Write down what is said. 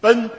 Pan